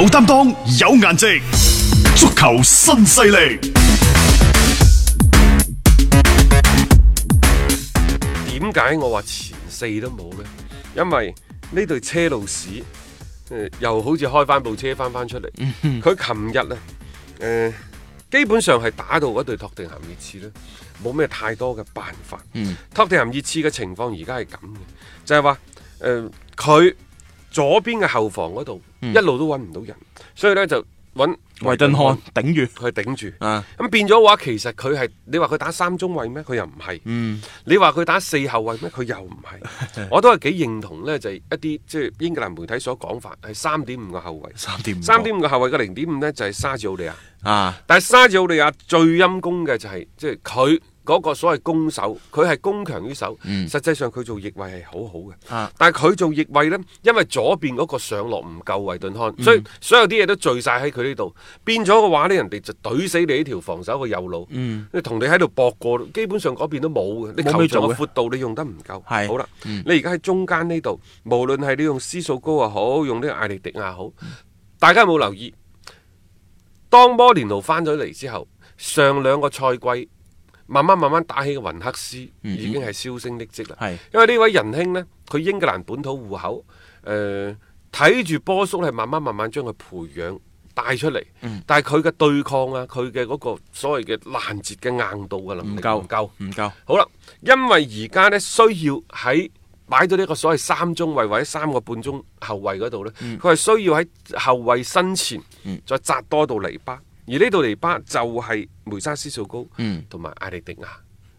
有擔當，有顏值，足球新勢力。點解我話前四都冇呢？因為呢隊車路士，呃、又好似開翻部車翻翻出嚟。佢琴日呢，誒、呃，基本上係打到嗰隊托定咸熱刺呢，冇咩太多嘅辦法。 托定咸熱刺嘅情況而家係咁嘅，就係、是、話，誒、呃，佢左邊嘅後防嗰度。嗯、一路都揾唔到人，所以咧就揾維頓漢頂住，佢頂住。咁、啊、變咗話，其實佢係你話佢打三中衛咩？佢又唔係。嗯，你話佢打四後衛咩？佢又唔係。嗯、我都係幾認同咧，就係、是、一啲即係英格蘭媒體所講法，係三點五個後衛。三點五。三點五個後衛嘅零點五咧，就係沙治奧利亞。啊，但係沙治奧利亞最陰功嘅就係即係佢。嗰個所謂攻守，佢係攻強於守，實際上佢做翼位係好好嘅。但係佢做翼位咧，因為左邊嗰個上落唔夠維敦漢，所以所有啲嘢都聚曬喺佢呢度。變咗嘅話咧，人哋就懟死你呢條防守嘅右路，你同你喺度搏過，基本上嗰邊都冇嘅。你球場嘅闊度你用得唔夠。係，好啦，你而家喺中間呢度，無論係你用斯數高又好，用呢個艾力迪亞好，大家有冇留意，當摩連奴翻咗嚟之後，上兩個賽季。慢慢慢慢打起個雲克斯，嗯、嗯已經係銷聲匿跡啦。是因為呢位仁兄呢，佢英格蘭本土戶口，誒睇住波叔係慢慢慢慢將佢培養帶出嚟。嗯、但係佢嘅對抗啊，佢嘅嗰個所謂嘅攔截嘅硬度嘅能力唔夠，唔夠，唔夠。好啦，因為而家呢，需要喺擺到呢個所謂三中衞或者三個半中後衞嗰度呢，佢係、嗯、需要喺後衞身前再紮多道籬笆。而呢度嚟巴就係梅薩斯數高、嗯，同埋艾利迪亞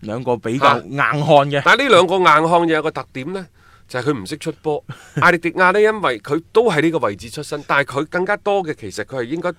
兩個比較硬漢嘅、啊。但呢兩個硬漢有個特點呢，就係佢唔識出波。 艾利迪亞呢，因為佢都係呢個位置出身，但係佢更加多嘅其實佢係應該。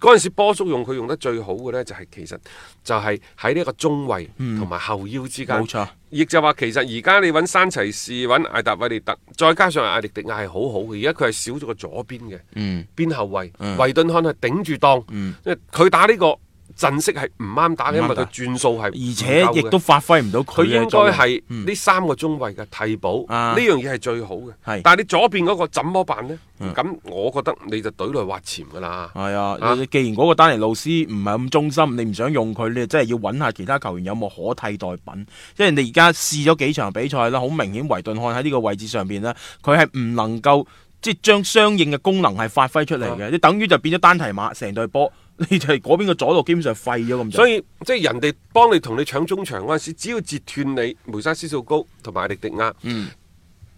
嗰陣時，波叔用佢用得最好嘅咧，就係、是、其實就係喺呢一個中位同埋後腰之間，亦、嗯、就話其實而家你揾山齊士、揾艾達、韋列特，再加上艾力迪亞係好好，嘅。而家佢係少咗個左邊嘅、嗯、邊後衞，嗯、維頓漢係頂住當，因佢、嗯、打呢、呢個。陣式係唔啱打，嘅，因為佢轉數係，而且亦都發揮唔到佢應該係呢三個中位嘅替補，呢樣嘢係最好嘅。是但係你左邊嗰個怎麼辦呢？咁、嗯、我覺得你就懟嚟挖潛㗎啦。係啊，啊既然嗰個丹尼路斯唔係咁忠心，你唔想用佢，你真係要揾下其他球員有冇可替代品。因為你而家試咗幾場比賽啦，好明顯維頓漢喺呢個位置上邊咧，佢係唔能夠即係、就是、將相應嘅功能係發揮出嚟嘅。你、嗯、等於就變咗單提馬成隊波。你就係嗰邊嘅左路， 基本上廢咗咁。所以即係人哋幫你同你搶中場嗰陣時，只要截斷你梅沙斯素高同埋迪迪亞，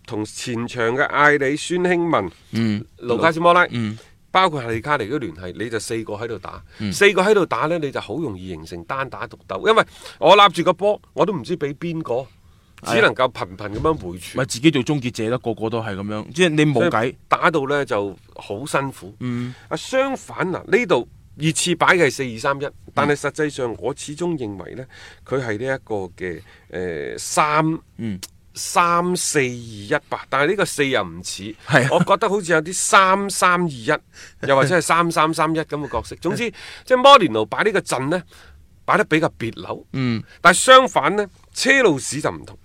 同、嗯、前場嘅艾里孫興文，嗯，盧卡斯摩拉，嗯、包括係卡尼嘅聯繫，你就四個喺度打，嗯、四個喺度打呢，你就好容易形成單打獨鬥，因為我立住個波，我都唔知俾邊個，的只能夠頻頻咁樣回傳，咪自己做終結者啦，個個都係咁樣，即係你冇計打到呢就好辛苦。啊、嗯、相反嗱呢度，二次擺嘅係四二三一，但係實際上我始終認為呢，佢係呢一個嘅誒三三四二一吧，但係呢個四又唔似，是啊、我覺得好似有啲三三二一，又或者係三三三一咁嘅角色。總之，即係摩連奴擺呢個陣呢，擺得比較別扭。嗯，但係相反呢，車路士就唔同，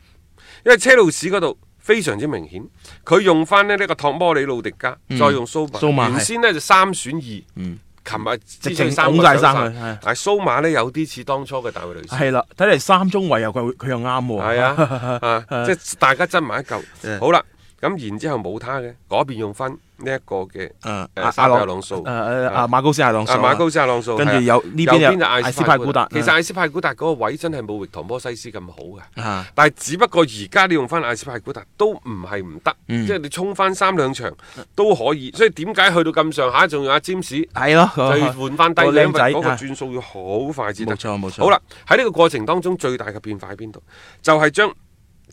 因為車路士嗰度非常之明顯，佢用翻呢呢個托摩里路迪加，再用蘇馬、嗯，原先呢就三選二。嗯琴日直情拱曬山啊！但係蘇馬咧有啲似當初嘅大會女士。係啦、啊，睇嚟三中圍又佢佢又啱喎。係啊，即係大家爭埋一嚿。好啦。咁然之後冇他嘅，嗰邊用翻呢一個嘅，阿阿朗數，馬高斯阿朗數，跟住有呢邊有艾斯派古達，其實艾斯派古達嗰個位真係冇域陀摩西斯咁好嘅，但係只不過而家你用翻艾斯派古達都唔係唔得，即係你沖翻三兩場都可以，所以點解去到咁上下仲有阿詹士？係咯，就換翻低，因為嗰個轉數要好快先得，冇錯冇錯。好啦，喺呢個過程當中最大嘅變化喺邊度？就係將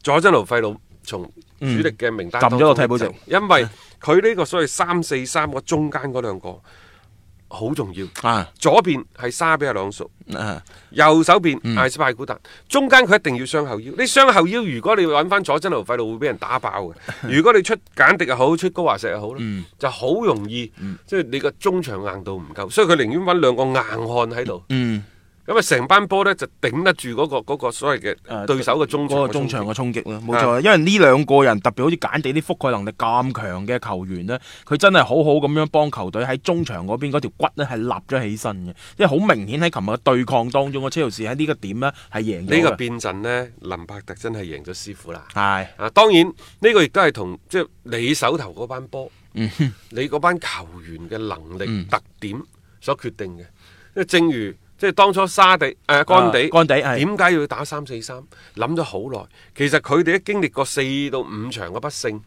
佐真奴費奴。從主力嘅名單冚咗個替補席，因為佢呢個所謂三四三嗰中間嗰兩個好重要啊。左邊係沙比阿朗索，右手邊艾斯派古達，中間佢一定要雙後腰。你雙後腰如果你揾翻左，側路快路會俾人打爆嘅。如果你出簡迪又好，出高華石又好咧，就好容易，即係你個中場硬度唔夠，所以佢寧願揾兩個硬漢喺度。咁、那個那個、啊，成班波咧就頂得住嗰個個所謂嘅對手嘅中嗰個中場嘅衝擊啦，冇錯。是的 因為呢兩個人特別好似簡地啲覆蓋能力咁強嘅球員咧，佢真係好好咁樣幫球隊喺中場嗰邊嗰條骨咧係立咗起身嘅，即係好明顯喺琴日嘅對抗當中，個車路士喺呢個點咧係贏咗。呢個變陣呢，林柏特真係贏咗師傅啦。係是的 啊，當然呢、這個亦都係同即係你手頭嗰班波，嗯、哼 你嗰班球員嘅能力、嗯、特點所決定嘅，因為正如。即係當初沙地，誒、呃，干地，干地係，點解要打三四三？諗咗好耐。其實佢哋都經歷過四到五場嘅不勝，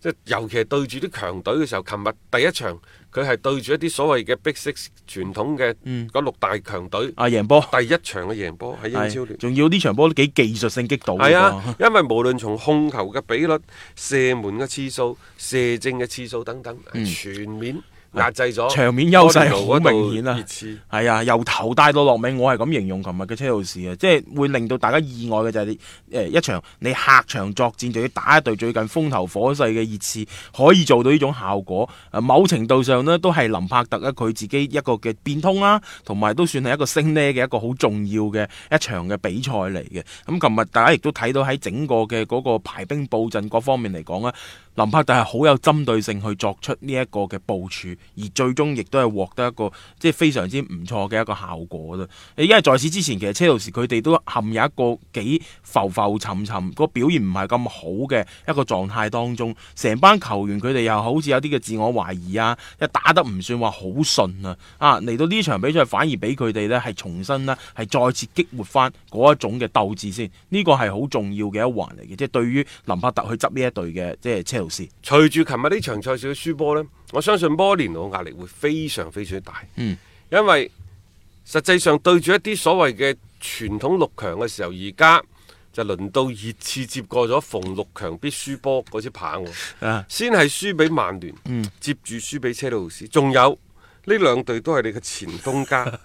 即係尤其係對住啲強隊嘅時候。琴日第一場，佢係對住一啲所謂嘅 Big Six 傳統嘅，嗯，嗰六大強隊、嗯，啊，贏波，第一場嘅贏波喺英超聯，仲要呢場波都幾技術性擊倒，係啊，呵呵因為無論從控球嘅比率、射門嘅次數、射正嘅次數等等，嗯、全面。啊、壓制咗，場面優勢好明顯啦、啊。係啊，由頭帶到落尾，我係咁形容琴日嘅車路士啊，即係會令到大家意外嘅就係你誒一場你客場作戰就要打一隊最近風頭火勢嘅熱刺，可以做到呢種效果、啊。某程度上呢，都係林柏特咧佢自己一個嘅變通啦、啊，同埋都算係一個升呢嘅一個好重要嘅一場嘅比賽嚟嘅。咁琴日大家亦都睇到喺整個嘅嗰個排兵布陣各方面嚟講咧，林柏特係好有針對性去作出呢一個嘅部署。而最終亦都係獲得一個即係非常之唔錯嘅一個效果啦。因為在此之前，其實車路士佢哋都陷入一個幾浮浮沉沉個表現唔係咁好嘅一個狀態當中。成班球員佢哋又好似有啲嘅自我懷疑啊，一打得唔算話好順啊。啊，嚟到呢場比賽反而俾佢哋呢係重新呢，係再次激活翻嗰一種嘅鬥志先。呢個係好重要嘅一環嚟嘅，即係對於林柏特去執呢一隊嘅即係車路士。隨住琴日呢場賽事嘅輸波呢，我相信摩連奴嘅壓力會非常非常大，嗯，因為實際上對住一啲所謂嘅傳統六強嘅時候，而家就輪到熱刺接過咗逢六強必輸波嗰支棒，啊，先係輸俾曼聯，嗯，接住輸俾車路士，仲有。呢兩隊都係你嘅前東家，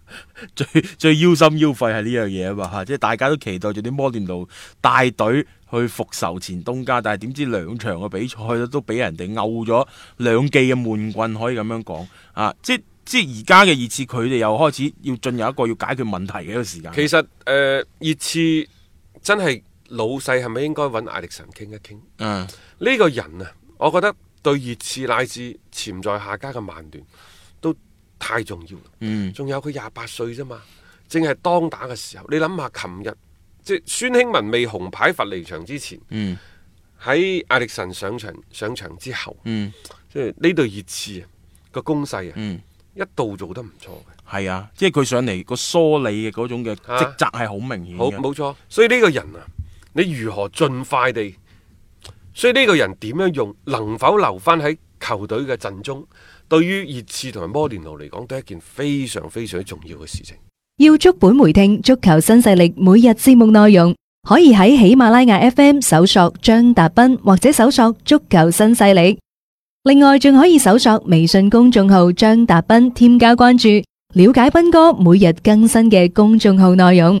最最腰心腰肺係呢樣嘢啊嘛吓，即係大家都期待住啲摩連奴帶隊去復仇前東家，但係點知兩場嘅比賽都俾人哋毆咗兩記嘅悶棍，可以咁樣講啊！即即係而家嘅熱刺，佢哋又開始要進入一個要解決問題嘅一個時間。其實誒、呃，熱刺真係老細，係咪應該揾艾力臣傾一傾？嗯，呢個人啊，我覺得對熱刺乃至潛在下家嘅曼聯。太重要。嗯，仲有佢廿八歲啫嘛，正係當打嘅時候。你諗下，琴日即係孫興文未紅牌罰離場之前，嗯，喺阿力臣上場上場之後，嗯，即係呢隊熱刺啊個攻勢啊，嗯、一度做得唔錯嘅。係啊，即係佢上嚟個梳理嘅嗰種嘅職責係好明顯、啊。好冇錯，所以呢個人啊，你如何盡快地？所以呢個人點樣用？能否留翻喺？球隊嘅陣中，對於熱刺同埋摩連奴嚟講，都係一件非常非常重要嘅事情。要足本回聽足球新勢力每日節目內容，可以喺喜馬拉雅 FM 搜索張達斌，或者搜索足球新勢力。另外，仲可以搜索微信公眾號張達斌，添加關注，了解斌哥每日更新嘅公眾號內容。